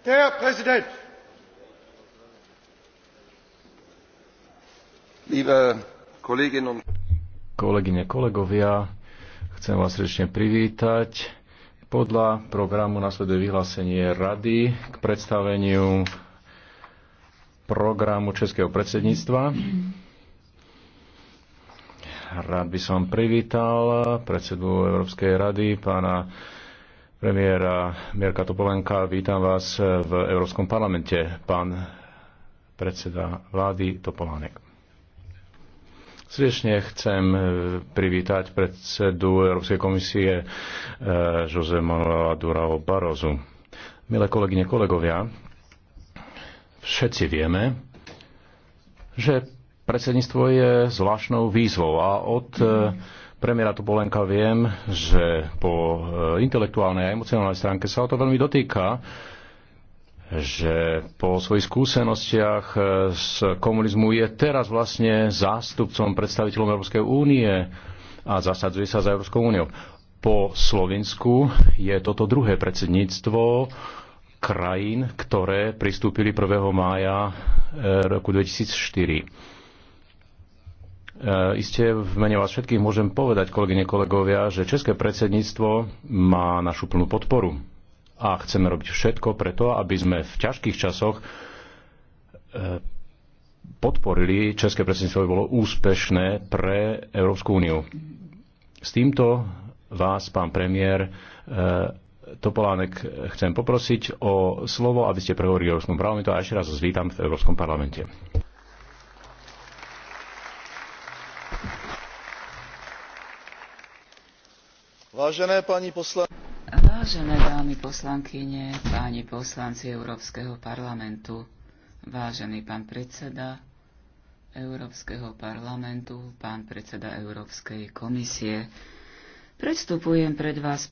Herr Präsident! Liebe Kolleginnen und Kolegyne, kolegovia, chcem vás srdečne privítať. Podľa programu nasleduje vyhlásenie Rady k predstaveniu programu Českého predsedníctva. Rád by som privítal predsedu Európskej rady, pána premiéra Mirka Topolenka. Vítam vás v Európskom parlamente, pán predseda vlády Topolánek. Srdečne chcem privítať predsedu Európskej komisie eh, Jose Manuela Durao Barozu. Milé kolegyne, kolegovia, všetci vieme, že predsedníctvo je zvláštnou výzvou a od mm premiéra Tupolenka viem, že po e, intelektuálnej a emocionálnej stránke sa o to veľmi dotýka, že po svojich skúsenostiach e, z komunizmu je teraz vlastne zástupcom predstaviteľom Európskej únie a zasadzuje sa za Európskou úniou. Po Slovensku je toto druhé predsedníctvo krajín, ktoré pristúpili 1. mája e, roku 2004 E, Isté v mene vás všetkých môžem povedať, kolegyne, kolegovia, že České predsedníctvo má našu plnú podporu a chceme robiť všetko preto, aby sme v ťažkých časoch e, podporili České predsedníctvo, aby bolo úspešné pre Európsku úniu. S týmto vás, pán premiér, e, Topolánek, chcem poprosiť o slovo, aby ste prehovorili o Európskom parlamentu a ešte raz vás vítam v Európskom parlamente. Vážené pani poslanky. Vážené dámy poslankyne, páni poslanci Európskeho parlamentu, vážený pán predseda Európskeho parlamentu, pán predseda Európskej komisie, predstupujem pred vás